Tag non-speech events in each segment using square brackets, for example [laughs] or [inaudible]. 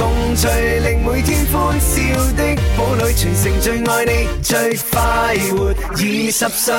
共聚令每天歡笑的寶女，全城最愛你，最快活二十歲。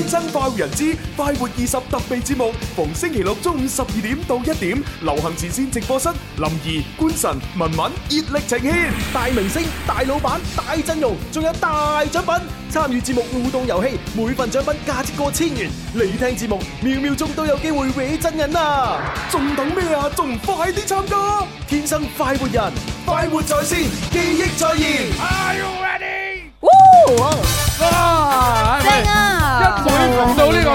天生快活人之快活二十特備節目，逢星期六中午十二點到一點，流行前線直播室。林怡、官神、文文、熱力呈現，大明星、大老闆、大陣容，仲有大獎品。參與節目互動遊戲，每份獎品價值過千元。你聽節目，秒秒鐘都有機會搵真人啊！仲等咩啊？仲快！啲唱歌，天生快活人，快活在線，記憶再現。Are you ready？哇！正啊！一會到呢個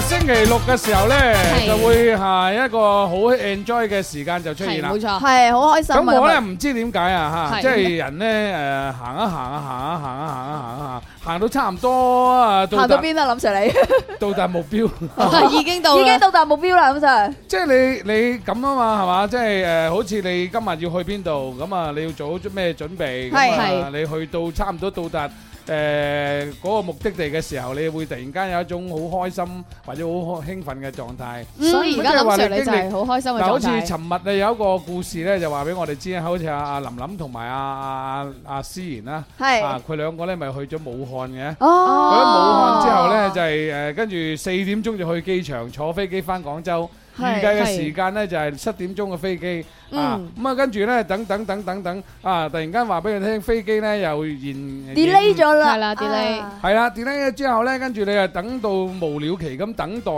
誒星期六嘅時候咧，就會係一個好 enjoy 嘅時間就出現啦。冇錯，係好開心。咁我咧唔知點解啊嚇，即係人咧誒行啊行啊行啊行啊行啊行。行到差唔多啊！行到邊啊，林 Sir 你？到達目標， [laughs] 已經到， [laughs] 已經到達目標啦，咁就。即係你你咁啊嘛，係嘛？即係誒，好似你今日要去邊度，咁啊，你要做好咩準備？係係、 [laughs] 啊。是你去到差唔多到達。誒嗰、呃那個目的地嘅時候，你會突然間有一種好開心或者好興奮嘅狀態。嗯、所以而家諗住，你就係好開心。就好似尋日你有一個故事咧，就話俾我哋知，好似阿阿林林同埋阿阿阿思賢啦，啊佢、啊是啊、兩個咧咪去咗武漢嘅。去咗、哦、武漢之後咧就係誒跟住四點鐘就去機場坐飛機返廣州。預計嘅時間咧就係七點鐘嘅飛機啊，咁啊跟住咧等等等等等啊，突然間話俾你聽飛機咧又延，delay 咗啦，係啦，delay 係啦，delay 咗之後咧，跟住你啊等到無了期咁等待，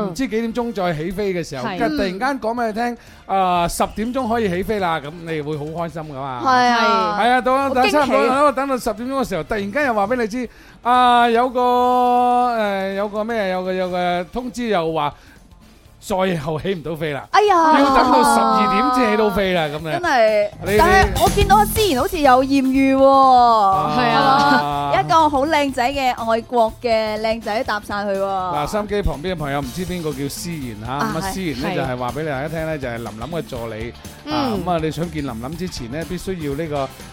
唔知幾點鐘再起飛嘅時候，跟住突然間講俾你聽啊十點鐘可以起飛啦，咁你會好開心噶嘛，係係係啊，等啊等差唔多啦，等到十點鐘嘅時候，突然間又話俾你知啊有個誒有個咩有個有個通知又話。再後起唔到飛啦！哎呀，要等到十二點先起到飛啦！咁樣，真係。但係我見到思賢好似有豔遇喎，係啊，一個好靚仔嘅外國嘅靚仔搭曬佢喎。嗱，收音機旁邊嘅朋友唔知邊個叫思賢嚇，咁思賢咧就係話俾你大家聽咧，就係林林嘅助理。啊，咁啊，你想見林林之前咧，必須要呢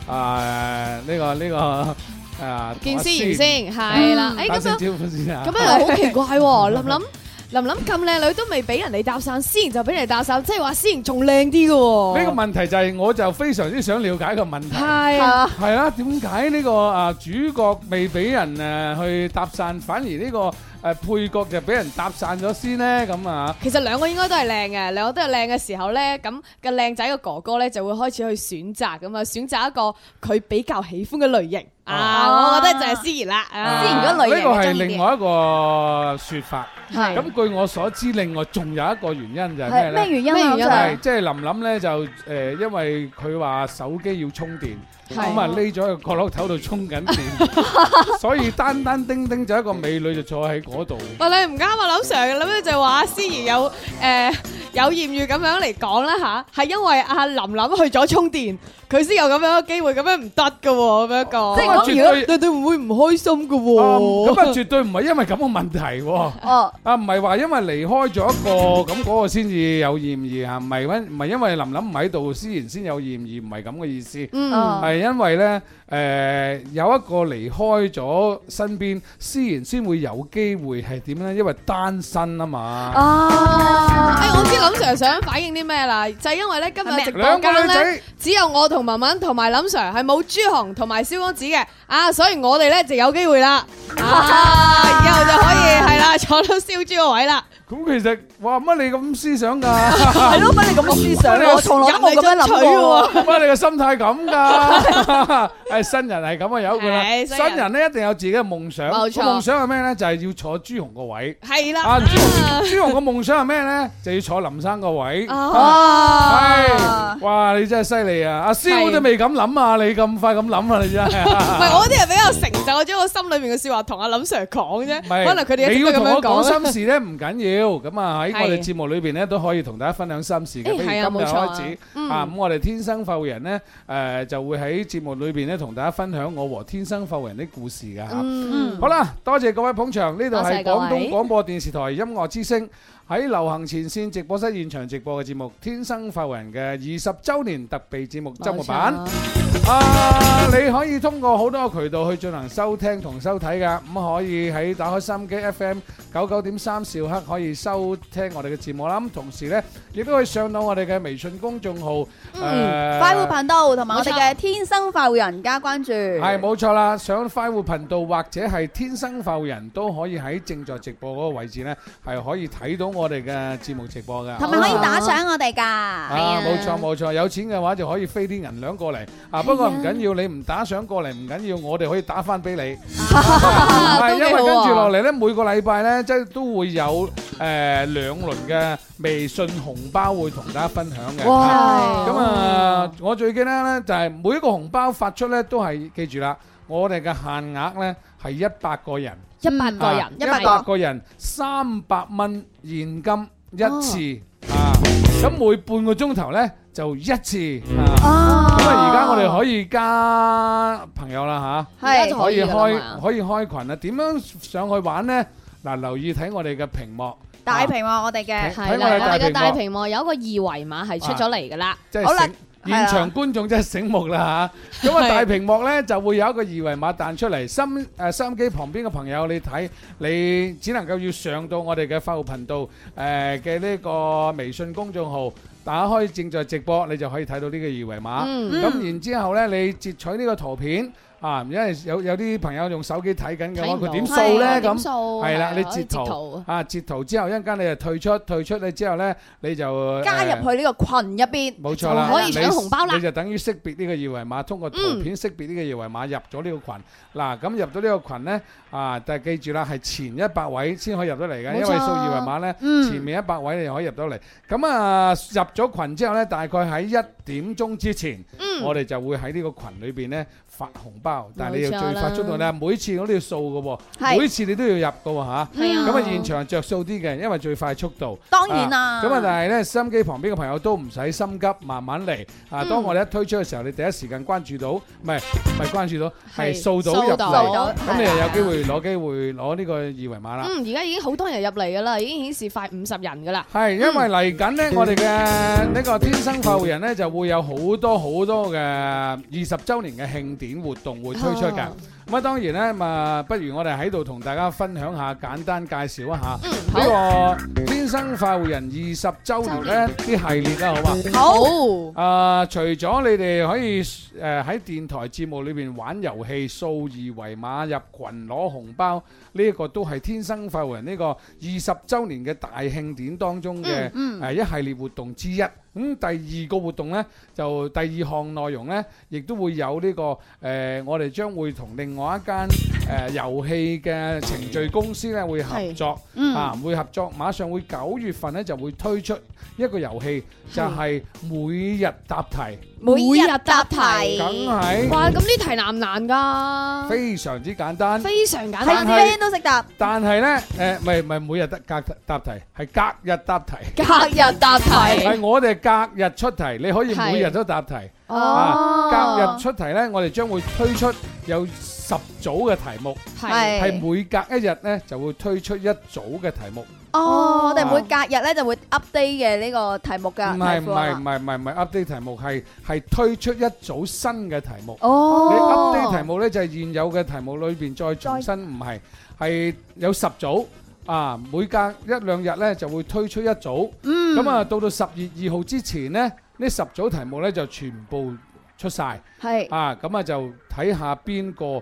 個啊呢個呢個啊。見思賢先，係啦。哎，咁樣咁樣好奇怪喎，林林。林林咁靚女都未俾人哋搭訕，詩然就俾人哋搭訕，即係話詩然仲靚啲嘅。呢個問題就係，我就非常之想了解個問題。係啊，係、嗯、啊，點解呢個啊主角未俾人誒去搭訕，反而呢個誒配角就俾人搭訕咗先呢？咁、嗯、啊，其實兩個應該都係靚嘅，兩個都係靚嘅時候咧，咁個靚仔嘅哥哥咧就會開始去選擇咁啊，選擇一個佢比較喜歡嘅類型。啊，我覺得就係思怡啦。思怡嗰女嘅，呢個係另外一個說法。係咁據我所知，另外仲有一個原因就係咩咧？咩原因咧？就係即係林林咧就誒，因為佢話手機要充電，咁啊匿咗喺角落頭度充緊電，所以單單丁丁就一個美女就坐喺嗰度。喂你唔啱啊，林 sir，你咪就話思怡有誒有艷遇咁樣嚟講啦吓，係因為阿林林去咗充電，佢先有咁樣嘅機會，咁樣唔得噶咁樣講。絕對你都唔會唔開心噶喎，咁啊絕對唔係因為咁個問題，哦，啊唔係話因為離開咗一個咁嗰個先至有嫌疑吓，唔係溫唔係因為琳琳唔喺度，思賢先有嫌疑，唔係咁嘅意思，係因為咧。誒、呃，有一個離開咗身邊，自然先會有機會係點咧？因為單身啊嘛。哦、啊，哎、 [laughs] 欸，我知林 sir 想反映啲咩啦，就係、是、因為咧今日直播間咧，女只有我同文文同埋林 sir 係冇朱紅同埋蕭光子嘅，啊，所以我哋咧就有機會啦，啊， [laughs] 以後就可以係啦坐到燒豬個位啦。咁其實話，乜你咁思想噶？係咯，乜你咁思想？我從來都冇咁樣諗過。乜你個心態咁噶？誒，新人係咁啊，有一個啦。新人咧一定有自己嘅夢想。冇錯。個夢想係咩咧？就係要坐朱紅個位。係啦。啊，朱紅個夢想係咩咧？就要坐林生個位。哦。係。哇，你真係犀利啊！阿師傅都未咁諗啊，你咁快咁諗啊，你真係。唔係，我啲係比較成就，將我心裏面嘅說話同阿林 Sir 講啫。唔係，可能佢哋應該咁樣講。你如果講心事咧，唔緊要。咁啊喺我哋節目裏邊咧都可以同大家分享心事嘅，譬唉如今日開始啊咁，啊嗯、我哋天生快活人咧誒、呃、就會喺節目裏邊咧同大家分享我和天生快活人的故事嘅吓。嗯嗯好啦，多謝各位捧場，呢度係廣東廣播電視台音樂之聲。喺流行前線直播室現場直播嘅節目《天生快活人》嘅二十周年特別節目周末版。啊，你可以通過好多渠道去進行收聽同收睇噶，咁可以喺打開收音機 FM 九九點三兆赫可以收聽我哋嘅節目啦。咁同時咧亦都可以上到我哋嘅微信公眾號，嗯，快活頻道同埋我哋嘅天生快活人加關注。係，冇錯啦，上快活頻道或者係天生快活人都可以喺正在直播嗰個位置咧係可以睇到。我哋嘅節目直播噶，同埋可以打賞我哋噶。啊，冇錯冇錯，有錢嘅話就可以飛啲銀兩過嚟。啊，不過唔緊要，你唔打賞過嚟唔緊要，我哋可以打翻俾你。係，因為跟住落嚟呢，每個禮拜呢，即係都會有誒兩輪嘅微信紅包會同大家分享嘅。哇，咁啊，我最記得呢，就係每一個紅包發出呢，都係記住啦，我哋嘅限額呢，係一百個人。一百個人，一百個人三百蚊現金一次啊！咁每半個鐘頭呢就一次啊！咁啊，而家我哋可以加朋友啦嚇，係可以開可以開羣啦。點樣上去玩呢？嗱，留意睇我哋嘅屏幕，大屏幕我哋嘅係啦，我哋嘅大屏幕有一個二維碼係出咗嚟噶啦，好啦。現場觀眾真係醒目啦嚇，咁啊的大屏幕呢，就會有一個二維碼彈出嚟。收誒收音機旁邊嘅朋友，你睇，你只能夠要上到我哋嘅花號頻道誒嘅呢個微信公眾號，打開正在直播，你就可以睇到呢個二維碼。咁、嗯、然之後呢，你截取呢個圖片。啊，因為有有啲朋友用手機睇緊嘅話，佢點掃咧咁？係啦，你截圖啊，截圖之後一間你就退出，退出咧之後咧你就加入去呢個羣入邊，冇錯啦。你可以搶紅包啦。你就等於識別呢個二維碼，通過圖片識別呢個二維碼入咗呢個羣。嗱，咁入到呢個羣咧啊，但係記住啦，係前一百位先可以入到嚟嘅，因為掃二維碼咧，前面一百位你可以入到嚟。咁啊，入咗羣之後咧，大概喺一點鐘之前。我哋就會喺呢個群裏邊咧發紅包，但係你要最快速度咧，每次我都要掃嘅喎，是每次你都要入嘅喎嚇，咁啊的現場着數啲嘅，因為最快速度，當然啦啊，咁啊但係咧收音機旁邊嘅朋友都唔使心急，慢慢嚟啊！當我哋一推出嘅時候，你第一時間關注到，唔係唔係關注到，係是掃到入嚟掃到。咁你就有機會攞機會攞呢個二維碼啦。嗯，而家已經好多人入嚟嘅啦，已經顯示快五十人嘅啦。係因為嚟緊咧，我哋嘅呢個天生快活人咧就會有好多好多。嘅二十周年嘅慶典活動會推出噶。Oh. 咁啊，當然咧，咁啊，不如我哋喺度同大家分享下，簡單介紹一下呢個《天生快活人》二十週年咧啲系列啦，好嗎？好。誒，除咗你哋可以誒喺電台節目裏邊玩遊戲、掃二維碼入羣攞紅包呢一個，都係《天生快活人》呢個二十週年嘅大慶典當中嘅誒一系列活動之一。咁第二個活動咧，就第二項內容咧，亦都會有呢個誒，我哋將會同另我一間誒、呃、遊戲嘅程序公司咧會合作，是啊會合作，馬上會九月份咧就會推出一個遊戲，是就係每日答題。每日答題，梗係哇！咁呢題難唔難噶？非常之簡單，非常簡單，係邊都識答。但係呢，誒，唔係唔係每日答答答題，係隔日答題。隔日答題，係我哋隔日出題，你可以每日都答題。哦，隔日出題呢，我哋將會推出有十組嘅題目，係係每隔一日呢就會推出一組嘅題目。哦，我哋每隔日咧就會 update 嘅呢個題目噶。唔係唔係唔係唔係唔係 update 題目，係係推出一組新嘅題目。哦，你 update 題目咧就係現有嘅題目裏邊再重新，唔係係有十組啊，每隔一兩日咧就會推出一組。嗯，咁啊，到到十月二號之前咧，呢十組題目咧就全部出晒。係啊，咁啊就睇下邊個。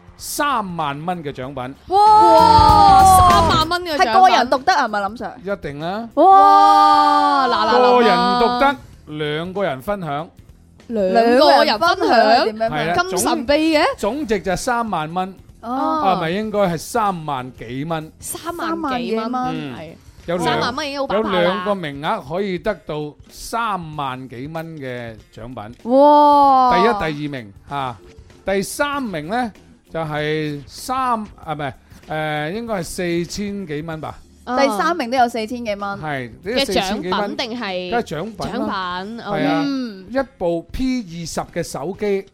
三萬蚊嘅獎品，哇！三萬蚊嘅獎係個人獨得啊，係咪林 Sir？一定啦！哇！嗱嗱嗱，個人獨得，兩個人分享，兩個人分享，係啊，咁神秘嘅總值就係三萬蚊，啊，係咪應該係三萬幾蚊？三萬幾蚊係，有兩萬蚊，有兩個名額可以得到三萬幾蚊嘅獎品，哇！第一、第二名吓，第三名咧？就係三啊唔係誒，應該係四千幾蚊吧？第三名都有四千幾蚊，係嘅獎品定係獎品獎品係啊！一部 P 二十嘅手機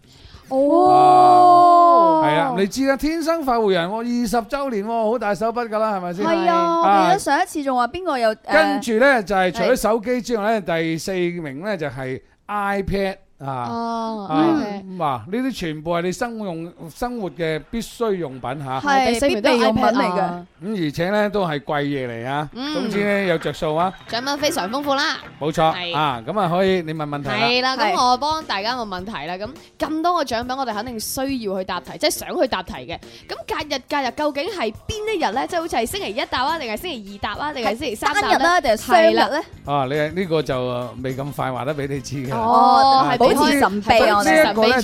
哦，係啊！你知啦，天生快活人喎二十周年，好大手筆噶啦，係咪先？係啊，我記得上一次仲話邊個有跟住咧，就係除咗手機之外咧，第四名咧就係 iPad。啊，啊，咁啊，呢啲全部係你生活用生活嘅必需用品吓，係必備物品嚟嘅。咁而且咧都係貴嘢嚟啊，總之咧有着數啊。獎品非常豐富啦，冇錯。啊，咁啊可以你問問題啦。係啦，咁我幫大家個問題啦。咁咁多個獎品，我哋肯定需要去答題，即係想去答題嘅。咁隔日隔日究竟係邊一日咧？即係好似係星期一答啊，定係星期二答啊，定係星期三日咧，定係雙日咧？啊，你呢個就未咁快話得俾你知嘅。好似備，我覺得。準備住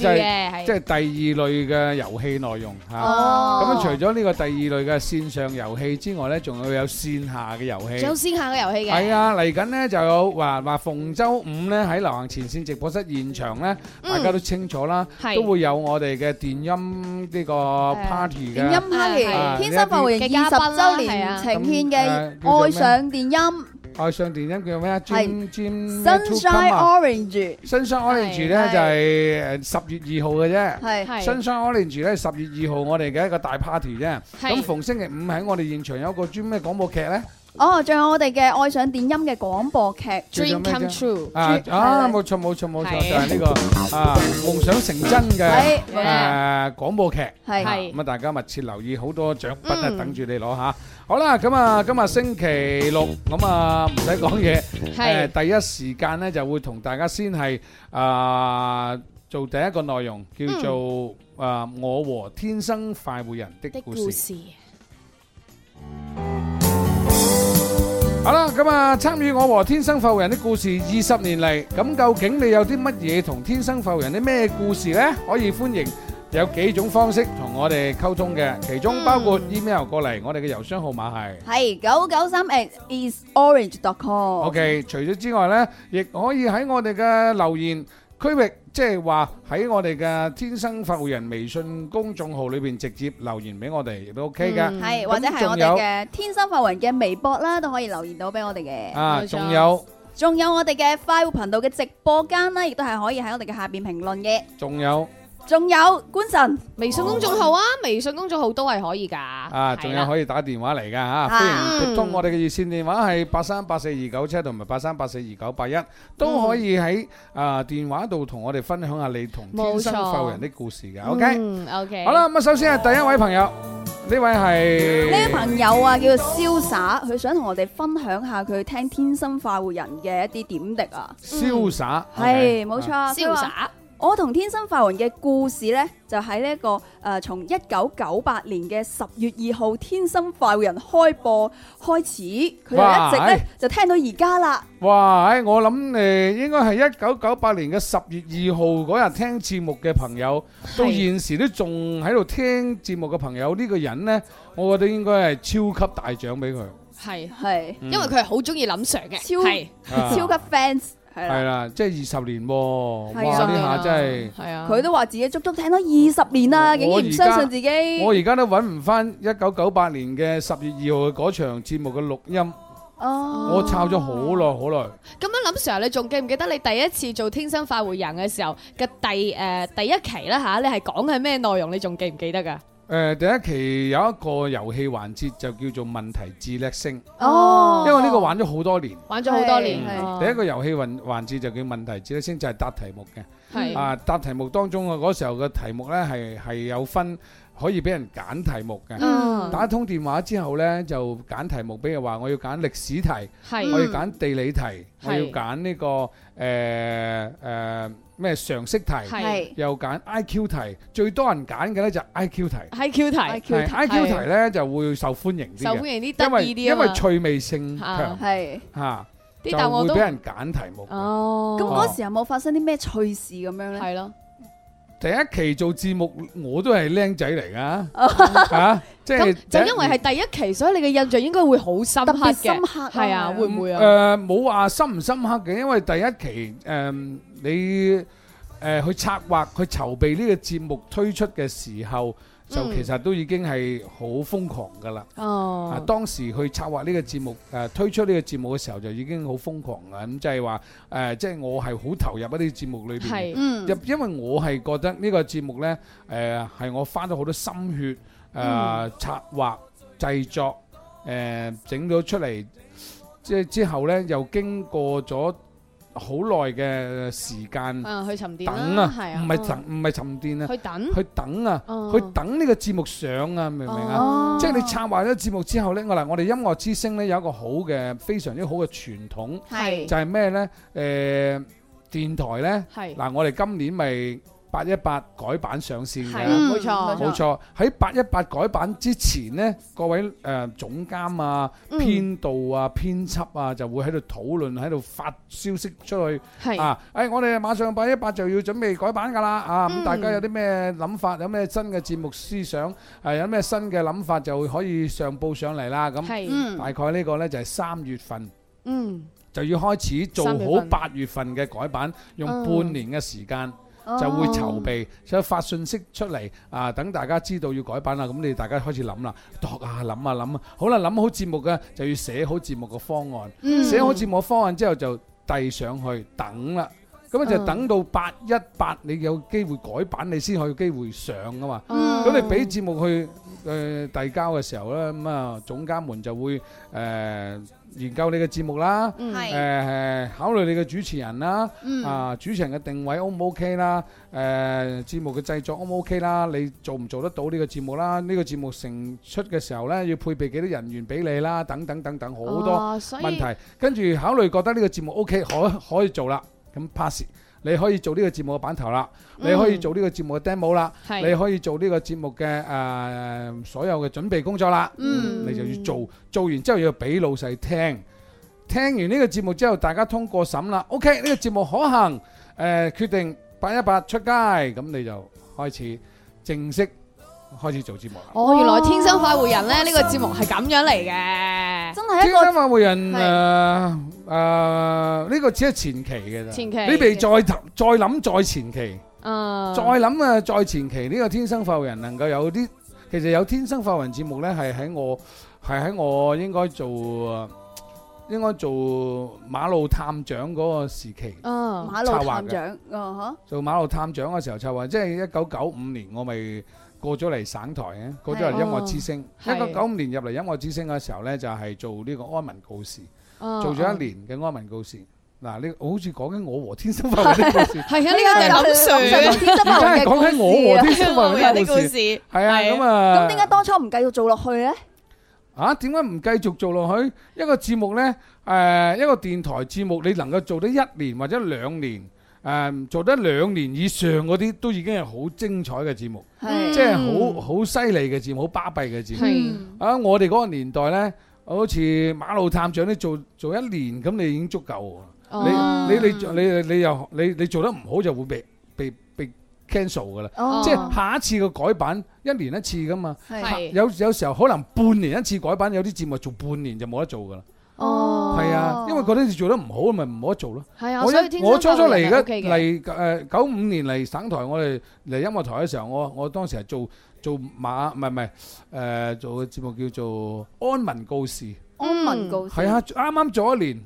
嘅，即係第二類嘅遊戲內容嚇。哦。咁除咗呢個第二類嘅線上遊戲之外咧，仲要有線下嘅遊戲。有線下嘅遊戲嘅。係啊，嚟緊咧就有話話逢周五咧喺流行前線直播室現場咧，大家都清楚啦，都會有我哋嘅電音呢個 party 嘅。電音 party，天生快活人二十周年呈獻嘅《愛上電音》。愛上電音叫咩啊？專專 Sunshine Orange，Sunshine Orange 咧就係誒十月二號嘅啫。係 Sunshine Orange 咧十月二號我哋嘅一個大 party 啫。咁逢星期五喺我哋現場有一個專咩廣播劇咧？哦，仲有我哋嘅愛上電音嘅廣播劇《Dream Come True》啊！冇錯冇錯冇錯，就係呢個啊，夢想成真嘅誒廣播劇係。咁啊，大家密切留意，好多獎品啊等住你攞吓。好啦，咁啊，今日星期六，咁啊唔使講嘢，係，第一時間咧就會同大家先係啊做第一個內容，叫做啊我和天生快活人的故事。好啦，咁啊，參與我和天生快活人的故事二十年嚟，咁究竟你有啲乜嘢同天生快活人的咩故事呢？可以歡迎有幾種方式同我哋溝通嘅，其中包括 email 過嚟，我哋嘅郵箱號碼係係九九三 X at isorange.com。OK，除咗之外咧，亦可以喺我哋嘅留言，區域，即係話喺我哋嘅天生快活人微信公眾號裏邊直接留言俾我哋亦都 OK 㗎。係，嗯、那或者係我哋嘅天生快活人嘅微博啦，都可以留言到俾我哋嘅。啊，仲括有，仲有我哋嘅快活頻道嘅直播間啦，亦都係可以喺我哋嘅下邊評論嘅。仲有。仲有官神微信公眾號啊，微信公眾號都係可以噶。啊，仲有可以打電話嚟噶吓，歡迎撥通我哋嘅熱線電話係八三八四二九七同埋八三八四二九八一，都可以喺啊電話度同我哋分享下你同天生快活人的故事嘅。O K，O K。好啦，咁啊，首先係第一位朋友，呢位係呢位朋友啊，叫做瀟灑，佢想同我哋分享下佢聽天生快活人的故事嘅一啲點滴啊。瀟灑係冇錯，瀟灑。我同天生快活人嘅故事呢，就喺呢一個誒，從一九九八年嘅十月二號天生快活人開播開始，佢一直呢哇就聽到而家啦。哇！我諗誒、呃，應該係一九九八年嘅十月二號嗰日聽節目嘅朋友，到現時都仲喺度聽節目嘅朋友呢、這個人呢，我覺得應該係超級大獎俾佢。係係是，嗯、因為佢係好中意林 Sir 嘅，係超，是超級 fans。 [laughs] 係啦，即係二十年，哇！呢下真係，佢都話自己足足聽咗二十年啦，竟然唔相信自己。我而家都揾唔翻，一九九八年嘅十月二號嗰場節目嘅錄音。哦，我抄咗好耐，好耐。咁樣林 Sir，你仲記唔記得你第一次做天生快活人嘅時候嘅第誒第一期啦，吓？你係講嘅係咩內容？你仲記唔記得噶？呃、第一期有一個遊戲環節就叫做問題智力星，哦、因為呢個玩咗好多年，玩咗好多年。第一個遊戲環環節就叫問題智力星，就係、是、答題目嘅，是啊答題目當中啊嗰時候嘅題目呢，係係有分。可以俾人揀題目嘅，打通電話之後咧就揀題目，比如話我要揀歷史題，我要揀地理題，我要揀呢個誒誒咩常識題，又揀 I Q 題，最多人揀嘅咧就 I Q 題，I Q 題，I Q 題咧就會受歡迎啲受歡迎啲嘅，因為因為趣味性強，嚇啲答案會俾人揀題目。哦，咁嗰時有冇發生啲咩趣事咁樣咧？係咯。第一期做節目，我都係靚仔嚟噶，嚇、 [laughs] 啊，即係 [laughs] 就因為係第一期，你所以你嘅印象應該會好深刻嘅，深刻係啊，嗯、會唔會啊？誒、呃，冇話深唔深刻嘅，因為第一期誒、呃、你誒、呃、去策劃、去籌備呢個節目推出嘅時候。就其實都已經係好瘋狂㗎啦！哦，啊當時去策劃呢個節目，誒推出呢個節目嘅時候，就已經好瘋狂啊！咁就係話誒，即係我係好投入喺呢個節目裏邊，嗯，入因為我係覺得呢個節目咧，誒係我花咗好多心血誒策劃、製作，誒整咗出嚟，即係之後咧又經過咗。好耐嘅時間，啊，去沉澱啦，係啊，唔係沉唔係沉澱啊，去等，去等啊，去等呢個節目上啊，明唔明啊？即係你策劃咗節目之後咧，我嗱，我哋音樂之聲咧有一個好嘅非常之好嘅傳統，係就係咩咧？誒電台咧，嗱，我哋今年咪。八一八改版上線嘅，冇錯冇錯。喺八一八改版之前呢，各位誒總監啊、編導啊、編輯啊就會喺度討論，喺度發消息出去。係啊，誒，我哋馬上八一八就要準備改版噶啦。啊，咁大家有啲咩諗法，有咩新嘅節目思想，誒有咩新嘅諗法，就可以上報上嚟啦。咁大概呢個呢就係三月份，嗯，就要開始做好八月份嘅改版，用半年嘅時間。就會籌備，就發信息出嚟啊！等大家知道要改版啦，咁你大家開始諗啦，度啊諗啊諗啊，好啦，諗好節目嘅就要寫好節目嘅方案，寫好節目方案之後就遞上去等啦。咁啊就等到八一八，你有機會改版，你先可以機會上㗎嘛。咁你俾節目去。誒遞交嘅時候咧，咁啊總監們就會誒研究你嘅節目啦，係，誒考慮你嘅主持人啦，啊主持人嘅定位 O 唔 OK 啦，誒節目嘅製作 O 唔 OK 啦，你做唔做得到呢個節目啦？呢個節目成出嘅時候咧，要配備幾多人員俾你啦，等等等等好多問題，跟住考慮覺得呢個節目 OK，可可以做啦，咁 pass。你可以做呢個節目嘅版頭啦，你可以做呢個節目嘅 demo 啦，你可以做呢個節目嘅誒所有嘅準備工作啦，你就要做，做完之後要俾老細聽，聽完呢個節目之後大家通過審啦，OK 呢個節目可行，誒決定八一八出街，咁你就開始正式。開始做節目哦，原來《天生快活人》咧呢個節目係咁樣嚟嘅，真係一個《天生快活人》誒誒呢個只係前期嘅，前期你譬如再再諗再前期，啊再諗啊再前期呢個《天生快活人》能夠有啲其實有《天生快活人》節目咧係喺我係喺我應該做應該做馬路探長嗰個時期啊，馬路探長啊吓，做馬路探長嘅時候策劃，即係一九九五年我咪。過咗嚟省台嘅，過咗嚟音樂之聲，一九九五年入嚟音樂之聲嘅時候咧，就係做呢個安民告示，做咗一年嘅安民告示。嗱，你好似講緊我和天生快活人的故事，係啊，呢個係講緊我和天生快活人嘅故事，係啊，咁啊。咁點解當初唔繼續做落去咧？啊，點解唔繼續做落去？一個節目咧，誒，一個電台節目，你能夠做得一年或者兩年？誒、um, 做得兩年以上嗰啲都已經係好精彩嘅節目，即係好好犀利嘅節目，好巴閉嘅節目。啊是，uh, 我哋嗰個年代呢，好似馬路探長咧做做一年咁，你已經足夠、哦、你你你你你又你你，你做得唔好就會被被被 cancel 㗎啦。哦、即係下一次嘅改版一年一次㗎嘛。是有有時候可能半年一次改版，有啲節目做半年就冇得做㗎啦。哦。係啊，因為嗰啲事做得唔好，咪唔冇得做咯。我我初初嚟而家嚟誒九五年嚟省台，我哋嚟音樂台嘅時候，我我當時係做做馬，唔係唔係誒做嘅節目叫做《安民告示》。安民告示。係啊，啱啱做一年，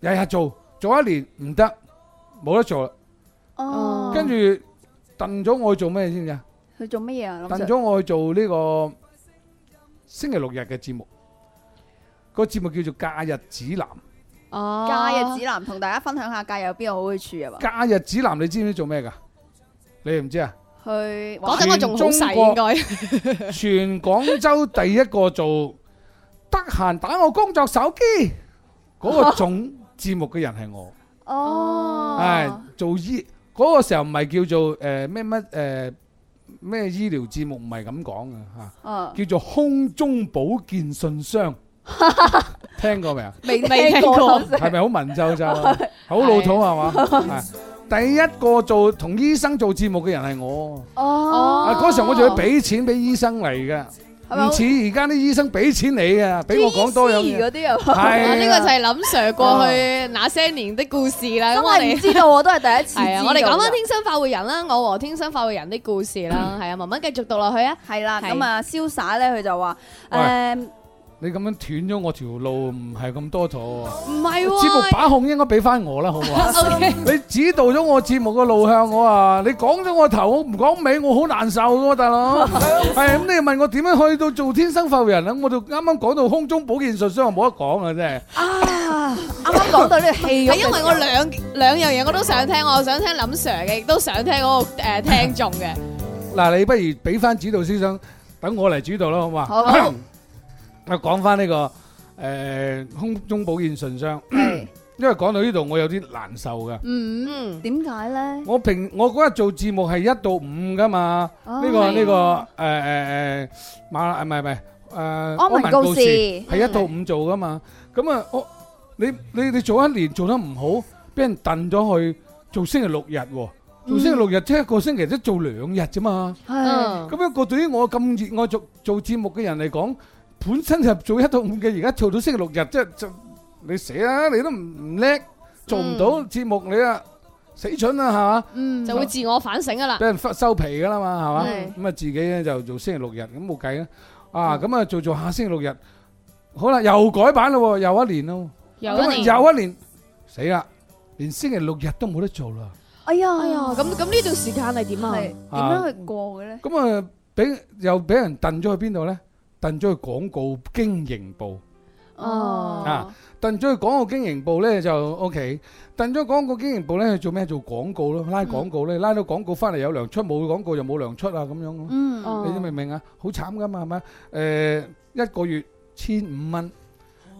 日日做，做一年唔得，冇得做啦。哦。跟住，鄧總，我去做咩先嘅？去做乜嘢啊？鄧總，我去做呢個星期六日嘅節目。個節目叫做《假日指南》哦，《假日指南》同大家分享下假日有邊個好去處啊？《假日指南》你知唔知做咩噶？你唔知啊？去嗰陣我仲好細，應該全廣州第一個做得閒打我工作手機嗰個種節目嘅人係我哦，係做醫嗰個時候唔係叫做誒咩乜誒咩醫療節目唔係咁講啊吓，叫做空中保健信箱。聽過未啊？未未聽過，係咪好文縐縐、好老土係嘛？係第一個做同醫生做節目嘅人係我哦，嗰時候我仲要俾錢俾醫生嚟嘅，唔似而家啲醫生俾錢你嘅，俾我講多嘢啲又係呢個就係林 Sir 過去那些年的故事啦。咁我唔知道我都係第一次。係啊，我哋講翻《天生快活人》啦，《我和天生快活人》的故事啦，係啊，慢慢繼續讀落去啊。係啦，咁啊，瀟灑咧，佢就話誒。你咁樣斷咗我條路唔係咁多咗喎，唔係節目把控應該俾翻我啦，好嘛？你指導咗我節目嘅路向，我啊，你講咗我頭，我唔講尾，我好難受噶喎，大佬。係咁，你問我點樣去到做天生快活人咧？我就啱啱講到空中保健術，所以我冇得講啊，真係。啊，啱啱講到呢個戲，係因為我兩兩樣嘢我都想聽，我想聽林 Sir 嘅，亦都想聽嗰個誒聽眾嘅。嗱，你不如俾翻指導先生等我嚟指導啦，好嘛？好。我講翻呢個誒，空中保健信箱，因為講到呢度我有啲難受嘅。嗯嗯，點解咧？我平我嗰日做節目係一到五噶嘛？呢個呢個誒誒誒馬誒唔係唔係誒安民故事係一到五做噶嘛？咁啊，我你你你做一年做得唔好，俾人掟咗去做星期六日，做星期六日即係一個星期都做兩日啫嘛。係咁一個對於我咁熱愛做做節目嘅人嚟講。本身就做一到五嘅，而家做到星期六日，即係就你死啦！你都唔唔叻，做唔到節目你啊，死蠢啦，係嘛？嗯，就會自我反省噶啦，俾人收皮噶啦嘛，係嘛？咁啊，自己咧就做星期六日，咁冇計啊！啊，咁啊，做做下星期六日，好啦，又改版咯，又一年咯，又一年，又一年，死啦！連星期六日都冇得做啦！哎呀哎呀，咁咁呢段時間係點啊？點樣去過嘅咧？咁啊，俾又俾人掟咗去邊度咧？鄧咗去廣告經營部，哦，啊，鄧咗去廣告經營部呢就 O K，鄧咗去廣告經營部呢做咩？做廣告咯，拉廣告呢，嗯、拉到廣告翻嚟，有糧出，冇廣告又冇糧出啊，咁樣，嗯，哦、你明唔明啊？好慘噶嘛，係咪誒，一個月千五蚊，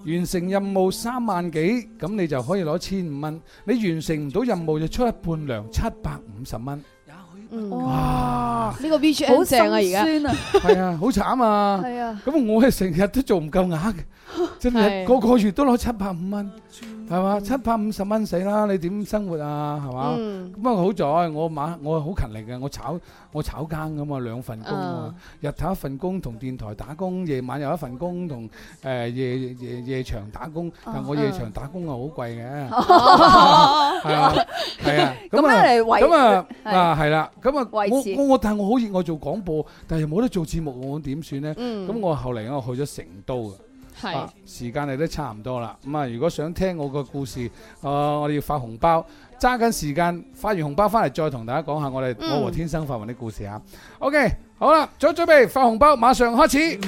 完成任務三萬幾，咁你就可以攞千五蚊，你完成唔到任務就出一半糧，七百五十蚊。嗯、哇！呢個 BGM 好正啊，而家係啊，好慘啊！係 [laughs] 啊，咁我係成日都做唔夠額嘅，真係個個月都攞七百五蚊。係嘛？七百五十蚊，死啦！你點生活啊？係嘛？咁啊好在我晚我好勤力嘅，我炒我炒更咁啊，兩份工啊，日頭一份工同電台打工，夜晚又一份工同誒夜夜夜場打工。但係我夜場打工啊，好貴嘅，係啊，係啊。咁啊咁啊啊係啦。咁啊，我我我但係我好熱愛做廣播，但係冇得做節目，我點算咧？咁我後嚟我去咗成都。係、啊、時間嚟得差唔多啦，咁啊如果想聽我個故事，呃、我哋要發紅包，揸緊時間發完紅包翻嚟再同大家講下我哋、嗯、我和天生快活人的故事啊。OK，好啦，早準備發紅包，馬上開始。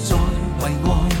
笑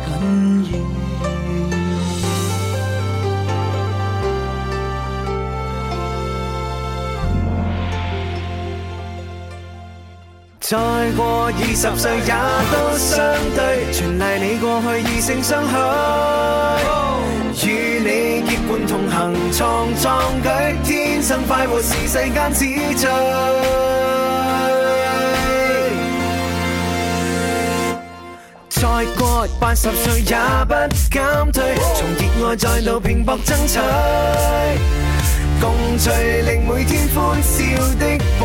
再過二十歲也都相對，全賴你過去異性相許，與你結伴同行創創舉，天生快活是世，世間之最。 [noise] 再過八十歲也不減退， [noise] 從熱愛再到拼搏爭取，共聚令每天歡笑。的。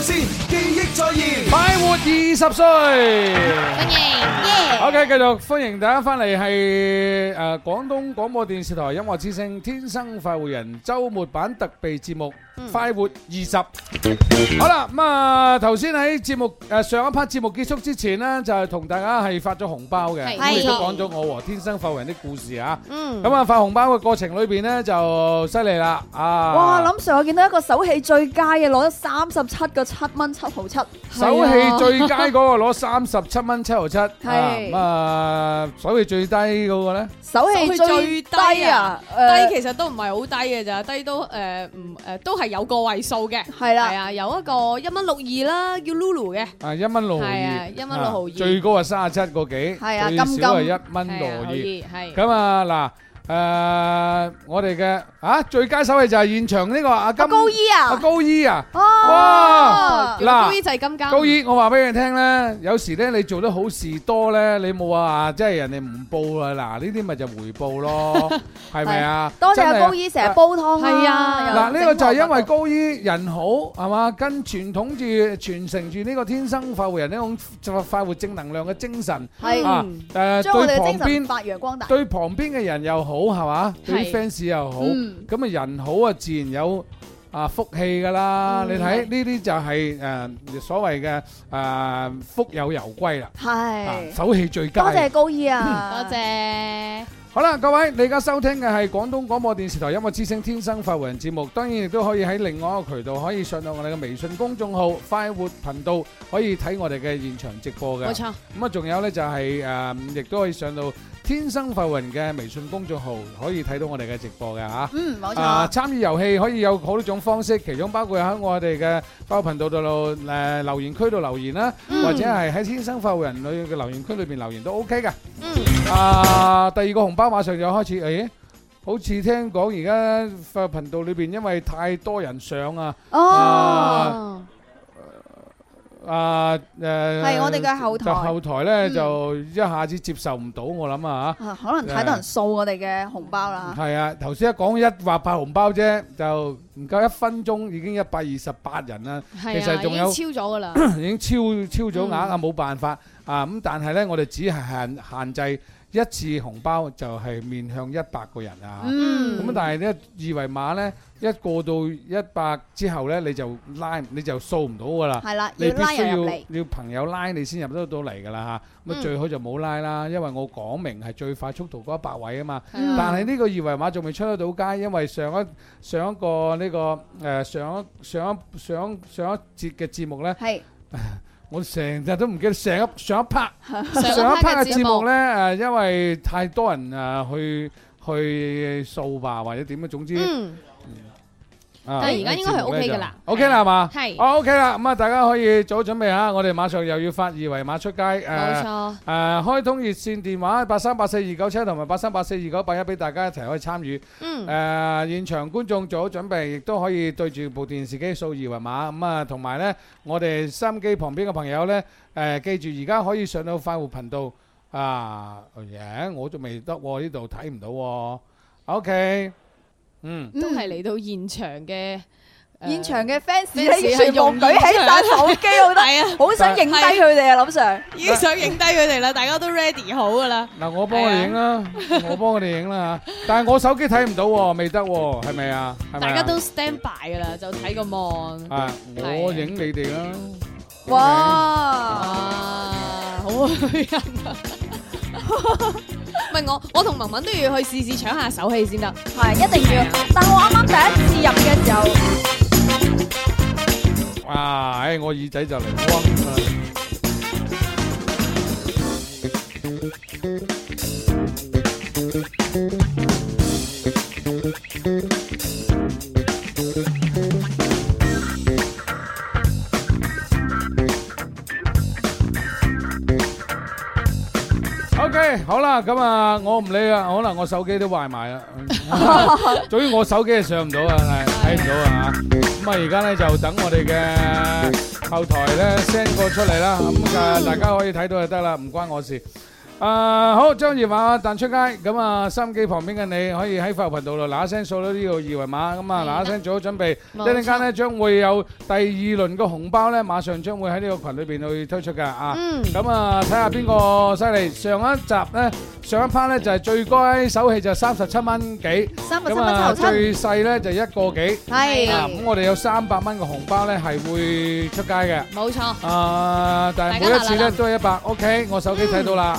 先記憶再現，快活二十歲。歡迎，耶！OK，繼續歡迎大家翻嚟，係誒廣東廣播電視台音樂之聲《天生快活人》週末版特備節目《快活二十》。好啦，咁啊頭先喺節目誒上一 part 節目結束之前咧，就係同大家係發咗紅包嘅，我哋都講咗我和天生快活人的故事啊。嗯。咁啊發紅包嘅過程裏邊咧就犀利啦！啊，哇！林 Sir，我見到一個手氣最佳嘅攞咗三十七個。七蚊七毫七，手氣最佳嗰個攞三十七蚊七毫七。係啊，啊，手氣最低嗰個咧？手氣最低啊，低其實都唔係好低嘅咋，低都誒唔誒都係有個位數嘅。係啦，係啊，有一個一蚊六二啦，叫 Lulu 嘅。啊，一蚊六二，一蚊六毫二。最高係三十七個幾，最少係一蚊六二。係咁啊，嗱。誒，我哋嘅，啊最佳手藝就係現場呢個阿金阿高姨啊，哇！嗱，高姨就係金家高姨，我話俾你聽咧，有時咧你做得好事多咧，你冇話即係人哋唔報啦，嗱呢啲咪就回報咯，係咪啊？多謝阿高姨成日煲湯啊！嗱，呢個就係因為高姨人好係嘛，跟傳統住傳承住呢個天生快活人呢種快活正能量嘅精神，係誒，將我哋嘅精神發揚光大，對旁邊嘅人又好。好係嘛，啲 fans 又好，咁啊人好啊，自然有啊福氣噶啦。你睇呢啲就係誒所謂嘅誒福有攸歸啦。係手氣最佳，多謝高姨啊，多謝。好啦，各位，你而家收聽嘅係廣東廣播電視台音樂之聲天生快活人節目，當然亦都可以喺另外一個渠道可以上到我哋嘅微信公眾號快活頻道，可以睇我哋嘅現場直播嘅。冇錯。咁啊，仲有呢就係誒，亦都可以上到。天生快活人嘅微信公眾號可以睇到我哋嘅直播嘅啊，嗯，冇錯，參與遊戲可以有好多種方式，其中包括喺我哋嘅包頻道度誒留言區度留言啦、啊，嗯、或者係喺天生快活人嘅留言區裏邊留言都 OK 嘅。嗯，啊，第二個紅包馬上就開始，誒、哎，好似聽講而家快活頻道裏邊因為太多人上啊，哦。啊啊，誒，係我哋嘅後台，就後台咧、嗯、就一下子接受唔到，我諗啊吓、啊，可能太多人掃我哋嘅紅包啦。係、呃、啊，頭先一講一話派紅包啫，就唔夠一分鐘已經一百二十八人啦，啊、其實仲有超咗噶啦，已經超超咗額、嗯、啊，冇辦法啊，咁但係咧我哋只係限限制。一次紅包就係面向一百個人、嗯、啊，咁但係呢，二維碼呢，一過到一百之後呢，你就拉你就掃唔到㗎啦，你的必須要要朋友拉你先入得到嚟㗎啦嚇，咁、啊嗯啊、最好就冇拉啦，因為我講明係最快速度嗰一百位啊嘛，嗯、但係呢個二維碼仲未出得到街，因為上一上一個呢、呢個誒、呃、上一上一上一上，一上，一上，一上一節嘅節目呢。的 [laughs] 我成日都唔記得，上一 [laughs] 上一 part 上一 part 嘅節目咧，誒，因為太多人誒去去掃吧，或者點啊，總之。嗯但係而家應該係 O K 嘅啦，O K 啦係嘛？係，O K 啦，咁啊、OK 嗯、大家可以做好準備嚇，我哋馬上又要發二維碼出街，誒、呃，冇錯，誒、啊、開通熱線電話八三八四二九七同埋八三八四二九八一俾大家一齊可以參與，嗯，誒、啊、現場觀眾做好準備，亦都可以對住部電視機掃二維碼，咁啊同埋咧，我哋收音機旁邊嘅朋友咧，誒、啊、記住而家可以上到快活頻道啊，影、yeah，我仲未得喎，呢度睇唔到喎，O K。嗯，都係嚟到現場嘅，現場嘅 fans 咧，全部舉起大相機，好得，好想影低佢哋啊！林 Sir，已經想影低佢哋啦，大家都 ready 好噶啦。嗱，我幫佢影啦，我幫佢哋影啦吓，但係我手機睇唔到，未得，係咪啊？大家都 stand by 噶啦，就睇個望。啊，我影你哋啦。哇，好啊！我同文文都要去試試搶下手氣先得，係一定要。但我啱啱第一次入嘅時候，哇！唉、啊，我耳仔就嚟光啦。咁啊，我唔理啊，可能我手機都壞埋啦，總之 [laughs] [laughs] 我手機係上唔到，到 [music] 啊，係睇唔到啊嚇。咁啊，而家咧就等我哋嘅後台咧 send 個出嚟啦，咁啊大家可以睇到就得啦，唔關我事。啊好，張二維碼彈出街，咁啊收音機旁邊嘅你可以喺服務頻道度嗱一聲掃咗呢個二維碼，咁啊嗱一聲做好準備，一陣間咧將會有第二輪嘅紅包咧馬上將會喺呢個群裏邊去推出噶啊，咁啊睇下邊個犀利，上一集咧上一 part 咧就係最高手氣就三十七蚊幾，咁啊最細咧就一個幾，啊咁我哋有三百蚊嘅紅包咧係會出街嘅，冇錯，啊但係每一次咧都係一百，OK，我手機睇到啦。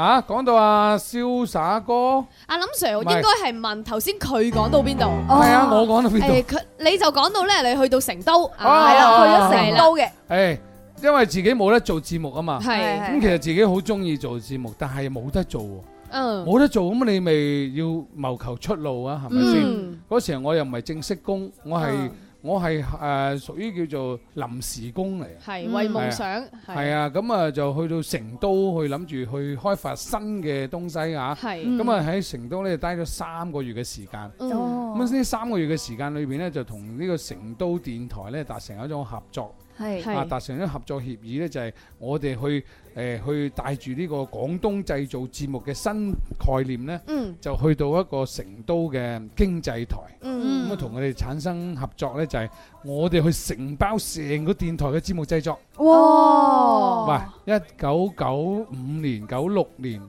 啊，講到阿瀟灑哥，阿林 Sir 應該係問頭先佢講到邊度？係啊，我講到邊度？誒，佢你就講到咧，你去到成都係啊，去咗成都嘅。誒，因為自己冇得做節目啊嘛。係咁，其實自己好中意做節目，但係冇得做。嗯，冇得做咁，你咪要謀求出路啊？係咪先？嗰時我又唔係正式工，我係。我係誒屬於叫做臨時工嚟，係為夢想。係啊，咁啊，啊，啊就去到成都去諗住去開發新嘅東西啊。係是，咁啊喺、嗯、成都咧就呆咗三個月嘅時間。哦、嗯，咁呢三個月嘅時間裏邊咧，就同呢個成都電台咧達成一種合作。係啊！達成咗合作協議咧，就係我哋去誒去帶住呢個廣東製造節目嘅新概念咧，就去到一個成都嘅經濟台，咁啊同佢哋產生合作咧，就係我哋去承包成個電台嘅節目製作。哇！唔係一九九五年、九六年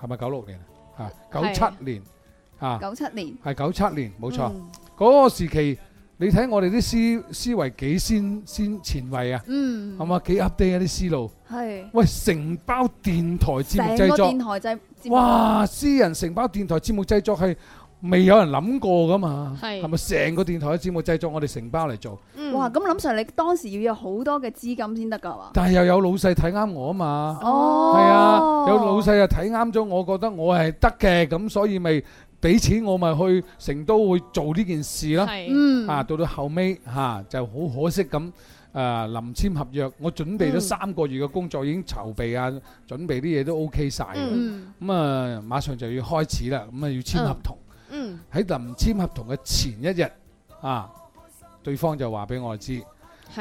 係咪九六年啊？嚇九七年啊？九七年，係九七年，冇錯嗰個時期。你睇我哋啲思思維幾先先前衞啊？嗯，係嘛？幾 update 啊啲思路？係。喂，承包電台節目製作。成個電台製。哇！私人承包電台節目製作係未有人諗過噶嘛？係。係咪成個電台嘅節目製作我哋承包嚟做？嗯。哇！咁諗上嚟，當時要有好多嘅資金先得噶，係嘛？但係又有老細睇啱我啊嘛。哦。係啊，有老細啊睇啱咗，我覺得我係得嘅，咁所以咪。俾錢我咪去成都去做呢件事咯，啊到到後尾吓就好可惜咁，啊臨簽合約我準備咗三個月嘅工作已經籌備啊，準備啲嘢都 OK 晒，咁啊馬上就要開始啦，咁啊要簽合同，喺臨簽合同嘅前一日啊，對方就話俾我知，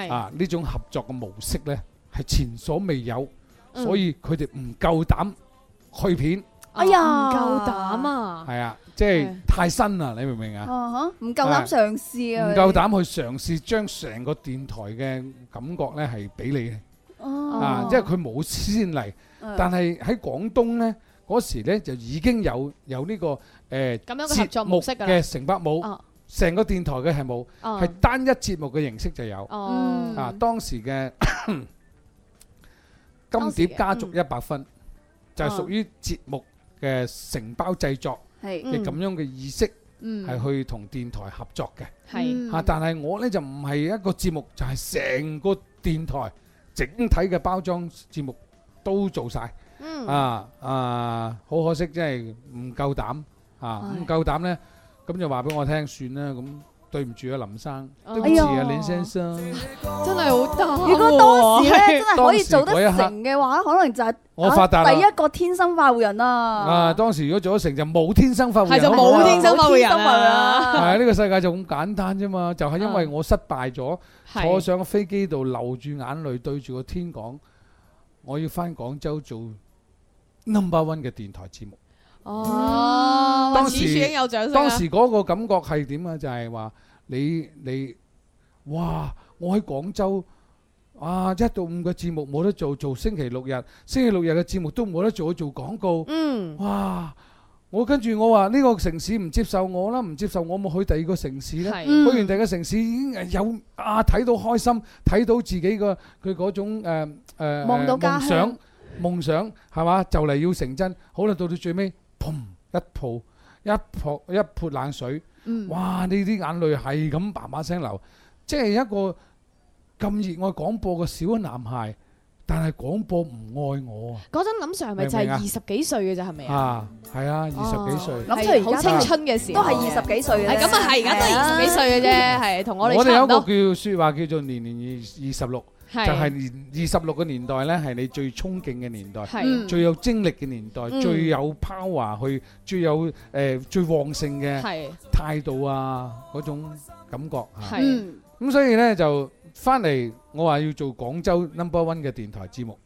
啊呢種合作嘅模式呢係前所未有，所以佢哋唔夠膽去片。哎呀，唔夠膽啊！係啊，即係太新啦，你明唔明啊？唔夠膽嘗試啊！唔夠膽去嘗試將成個電台嘅感覺咧，係俾你嘅。哦，啊，因為佢冇先例。但係喺廣東咧，嗰時咧就已經有有呢個誒節目嘅成百冇，成個電台嘅係冇，係單一節目嘅形式就有。哦，啊，當時嘅金碟家族一百分就係屬於節目。嘅承包製作係咁樣嘅意識，係去同電台合作嘅，嚇。但係我呢就唔係一個節目，就係成個電台整體嘅包裝節目都做晒。啊啊！好可惜，真係唔夠膽嚇。唔夠膽呢，咁就話俾我聽算啦。咁。對唔住啊，林生。唔住啊，林先生真係好，如果當時咧真係可以做得成嘅話，可能就係我發達第一個天生發福人啦。啊，當時如果做得成就冇天生發福人，就冇天生發福人啦。係啊，呢個世界就咁簡單啫嘛。就係因為我失敗咗，坐上飛機度流住眼淚，對住個天講，我要翻廣州做 number one 嘅電台節目。哦，當時當時嗰個感覺係點啊？就係話。你你，哇！我喺廣州，啊，一到五個節目冇得做，做星期六日，星期六日嘅節目都冇得做，做廣告。嗯。哇！我跟住我話呢、這個城市唔接受我啦，唔接受我，冇去第二個城市啦，嗯、去完第二個城市已經有啊，睇到開心，睇到自己個佢嗰種，誒誒、呃夢，呃、夢想夢想係嘛，就嚟要成真，可能到到最尾，砰一泡一泡一潑冷水。哇！你啲眼淚係咁叭叭聲流，即係一個咁熱愛廣播嘅小男孩，但係廣播唔愛我啊！嗰陣諗住係咪就係二十幾歲嘅啫？係咪啊？係啊，二十幾歲諗出嚟好青春嘅事，都係二十幾歲啊！咁啊係，而家都二十幾歲嘅啫，係同我哋差唔多。我哋有一個叫説話叫做年年二二十六。就係二十六個年代咧，係你最憧憬嘅年代，最有精力嘅年代，最有 power 去，最有誒最旺盛嘅態度啊嗰種感覺嚇。咁所以咧就翻嚟，我話要做廣州 number one 嘅電台節目，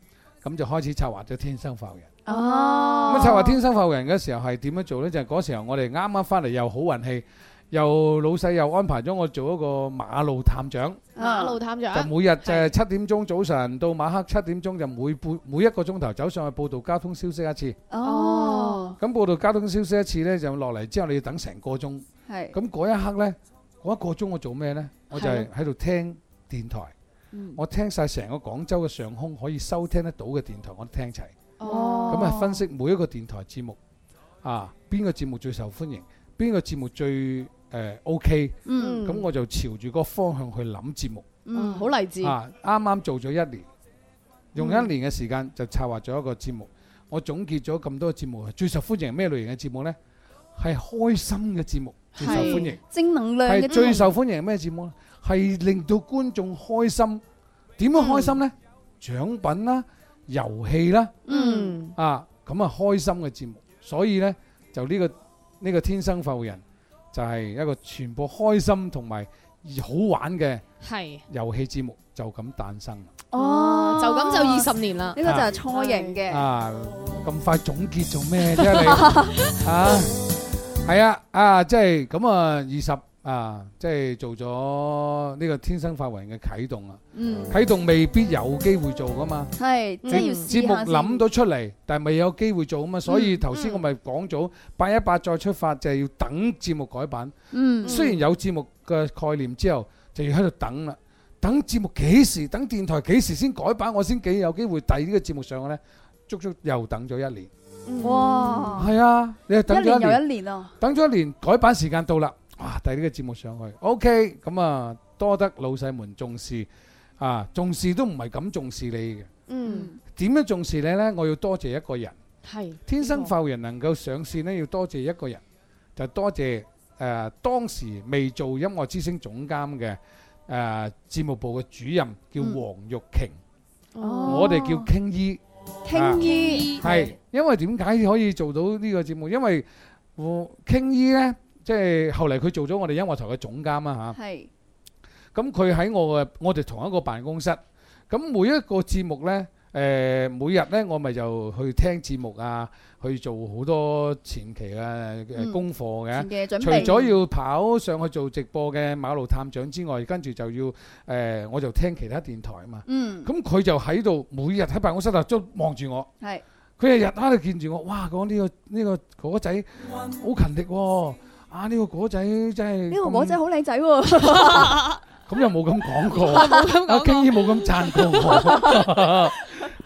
咁就開始策劃咗《天生快活人》。哦。咁策劃《天生快活人》嘅時候係點樣做咧？就係嗰時候我哋啱啱翻嚟又好運氣，又老細又安排咗我做一個馬路探長。啊！露探長就每日就係七點鐘早晨到晚黑七點鐘，就每半每一個鐘頭走上去報道交通消息一次。哦，咁報道交通消息一次咧，就落嚟之後你要等成個鐘。係，咁嗰一刻咧，嗰一個鐘我做咩咧？我就係喺度聽電台。嗯，我聽曬成個廣州嘅上空可以收聽得到嘅電台，我都聽齊。哦，咁啊，分析每一個電台節目啊，邊個節目最受歡迎，邊個節目最。誒，O K，咁我就朝住嗰個方向去諗節目，嗯，好勵志，啊，啱啱做咗一年，用一年嘅時間就策劃咗一個節目。我總結咗咁多節目，最受歡迎係咩類型嘅節目呢？係開心嘅節目，最受歡迎，正能量嘅，最受歡迎係咩節目呢？係令到觀眾開心，點樣開心呢？獎品啦，遊戲啦，嗯，啊，咁啊開心嘅節目，所以呢就呢個呢個天生快活人。就係一個全部開心同埋好玩嘅遊戲節目就誕，就咁誕生。哦，就咁就二十年啦，呢個就係初型嘅。啊，咁、啊是啊、快總結做咩啫？ [laughs] 啊，係啊，啊，即係咁啊，二十。啊，即係做咗呢個天生發圍嘅啟動啦。嗯，啟動未必有機會做噶嘛。係，即係要試下先。節目諗到出嚟，但係未有機會做啊嘛。所以頭先我咪講咗八一八再出發，就係要等節目改版。嗯，雖然有節目嘅概念之後，就要喺度等啦。等節目幾時？等電台幾時先改版？我先幾有機會遞呢個節目上嘅咧？足足又等咗一年。哇！係啊，你等咗一年又一年啊！等咗一年，改版時間到啦。哇！帶呢個節目上去，OK，咁啊多得老細們重視啊，重視都唔係咁重視你嘅。嗯，點樣重視你呢？我要多謝一個人。係是，天生浮人能夠上線呢。要多謝一個人，就多謝誒、啊、當時未做音樂之星音樂之聲總監嘅誒、啊、節目部嘅主任叫黃玉瓊。嗯哦、我哋叫傾衣。傾衣。係，因為點解可以做到呢個節目？因為我傾衣呢。即係後嚟佢做咗我哋音樂台嘅總監啊嚇，咁佢喺我嘅我哋同一個辦公室，咁每一個節目呢，誒每日呢我咪就去聽節目啊，去做好多前期嘅功課嘅，除咗要跑上去做直播嘅馬路探長之外，跟住就要誒我就聽其他電台啊嘛，咁佢就喺度每日喺辦公室度都望住我，佢日日喺度見住我，哇，講呢個呢個哥哥仔好勤力喎。啊！呢個果仔真係呢個果仔好靚仔喎，咁又冇咁講過，阿經姨冇咁讚過，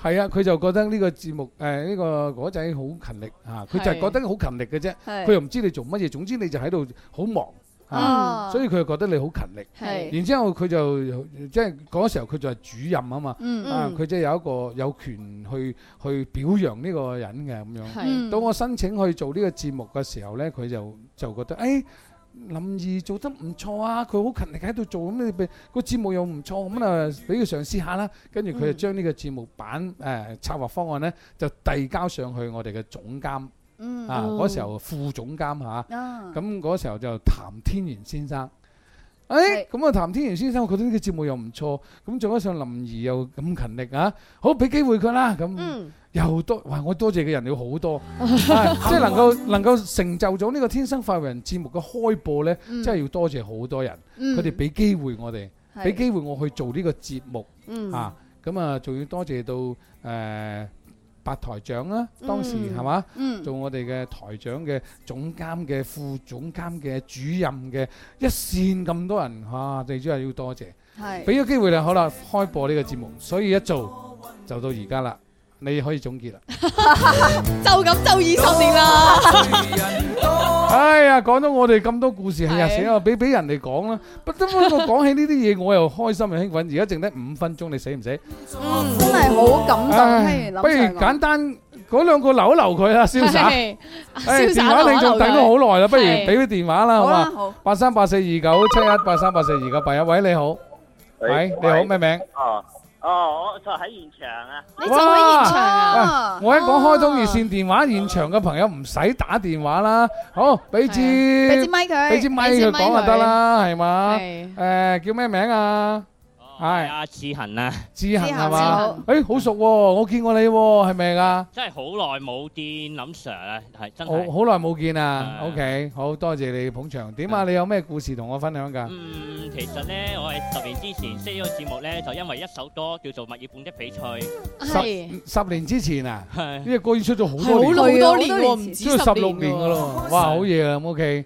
係啊，佢就覺得呢個節目誒呢個果仔好勤力嚇，佢就係覺得好勤力嘅啫，佢又唔知你做乜嘢，總之你就喺度好忙。啊！嗯、所以佢就覺得你好勤力，是然之後佢就即係嗰時候佢就係主任啊嘛，嗯嗯、啊佢即係有一個有權去去表揚呢個人嘅咁樣。是嗯、到我申請去做呢個節目嘅時候呢，佢就就覺得誒、哎、林儀做得唔錯啊，佢好勤力喺度做，咁、那、你個節目又唔錯，咁啊俾佢嘗試下啦。跟住佢就將呢個節目版誒、呃、策劃方案呢，就遞交上去我哋嘅總監。啊，嗰時候副總監吓，咁嗰時候就譚天然先生，誒，咁啊譚天然先生，我覺得呢個節目又唔錯，咁再加上林兒又咁勤力啊，好俾機會佢啦，咁又多，哇，我多謝嘅人要好多，即係能夠能夠成就咗呢個《天生快活人》節目嘅開播呢，真係要多謝好多人，佢哋俾機會我哋，俾機會我去做呢個節目，啊，咁啊，仲要多謝到誒。白台長啦、啊，當時係嘛，做我哋嘅台長嘅總監嘅副總監嘅主任嘅一線咁多人吓，最、啊、主要要多謝，係是，俾咗機會咧，好啦，開播呢個節目，所以一做就到而家啦。你可以總結啦，就咁就二十年啦。哎呀，講到我哋咁多故事，係啊，死啊，俾俾人哋講啦。不，得我講起呢啲嘢，我又開心又興奮。而家剩得五分鐘，你死唔死？嗯，真係好感動。不如簡單，嗰兩個留一留佢啦，瀟灑。瀟灑啦，留一留。電話聽眾等咗好耐啦，不如俾啲電話啦，好嘛？八三八四二九七一八三八四二九八一。喂，你好。喂，你好，咩名？啊。哦，我就喺現場啊！你就喺現場啊！啊，啊我一講開通熱線電話，啊、現場嘅朋友唔使打電話啦。好，俾支俾、啊、支咪佢，俾支咪佢講就得啦，係嘛？誒吧是、欸，叫咩名啊？係啊，志恒啊，志恒係嘛？誒，好熟喎，我見過你喎，係咪啊？真係好耐冇見，林 Sir 啊係真係好耐冇見啊！OK，好多謝你捧場，點啊？你有咩故事同我分享噶？嗯，其實咧，我係十年之前識呢個節目咧，就因為一首歌叫做《物業本的比賽》。係十年之前啊，呢個歌已經出咗好多年，好多年喎，出咗十六年噶咯，哇，好嘢！啊！OK。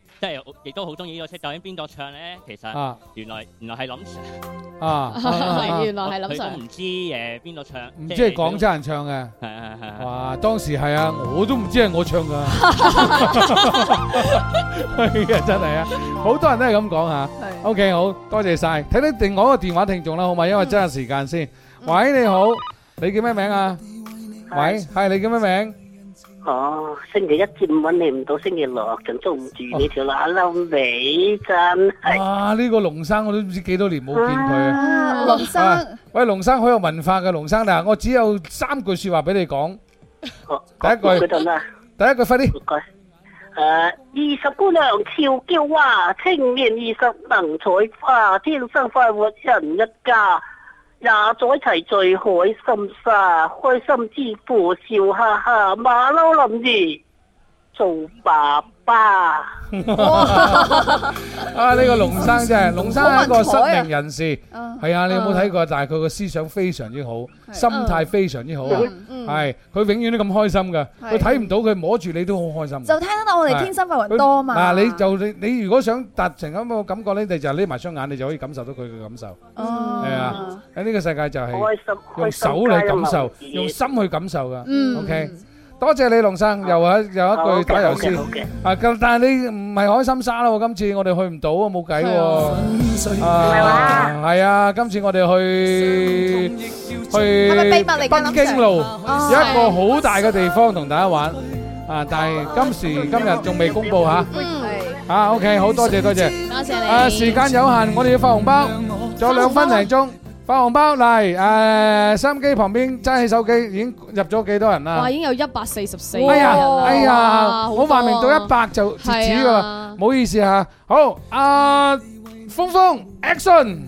即係亦都好中意呢個車，究竟邊個唱咧？其實原來原來係林 Sir，啊，原來係林 Sir，佢都唔知嘢邊個唱，唔知係廣州人唱嘅，係係係，哇！當時係啊，我都唔知係我唱噶，係啊，真係啊，好多人都係咁講吓。係，OK，好多謝晒，睇睇另外一個電話聽眾啦，好嘛？因為真係時間先。喂，你好，你叫咩名啊？喂，係你叫咩名？哦，星期一至五揾你唔到，星期六就捉唔住、哦、你條懶騮尾，真係是。哇、啊！呢、這個龍生我都唔知幾多年冇見佢啊，啊，龍生、啊。喂，龍生好有文化嘅龍生呐，我只有三句話說話俾你講。 [laughs] 第一句， [laughs] 第一句， [laughs] 第一句快啲。誒、啊，二十姑娘俏嬌娃，青年二十能採花，天生快活人一家。廿載一齊在海心沙，開心之父笑哈哈，馬騮林兒做爸爸。啊！呢、這個龍生真係，龍 [laughs] 生係一個失明人士。係啊，啊，你有冇睇過？但係佢個思想非常之好， [laughs] 啊、心態非常之好啊。 [laughs] 係，佢永遠都咁開心嘅，佢睇唔到佢摸住你都好開心。就聽得到我哋天生佛雲多嘛？嗱、啊，你就你你如果想達成咁個感覺咧，你就係眯埋雙眼，你就可以感受到佢嘅感受。係啊、嗯，喺呢、哎這個世界就係用手嚟感受，用心去感受嘅。嗯，OK。多謝你，龍生又一又一句打油詩啊！咁但係你唔係海心沙咯，今次我哋去唔到啊，冇計喎！唔係話係啊！今次我哋去去北京路一個好大嘅地方同大家玩啊！但係今時今日仲未公布吓，啊，OK，好多謝多謝，多謝你！誒，時間有限，我哋要發紅包，仲有兩分零鐘。發紅包嚟！誒，收音機旁邊揸起手機，已經入咗幾多人啦？哇，已經有一百四十四人。哎呀，哎呀，我話明到一百就截止噶啦，唔好意思吓。好，阿峰峰，action。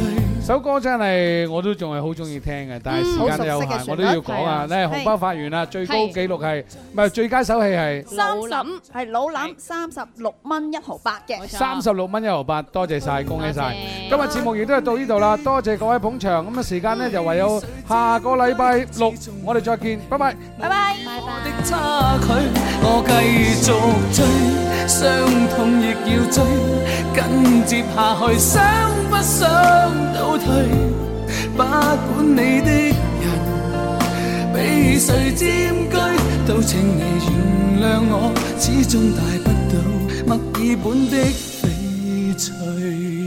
首歌真係我都仲係好中意聽嘅，但係時間有限，我都要講啊！你紅包發完啦，最高紀錄係唔係最佳手氣係？老林係老林三十六蚊一毫八嘅。三十六蚊一毫八，多謝晒，恭喜晒！今日節目亦都係到呢度啦，多謝各位捧場。咁啊，時間呢就唯有下個禮拜六我哋再見，拜拜。拜拜，拜拜。不管你的人被誰占據，都請你原諒我，始終帶不走墨爾本的翡翠。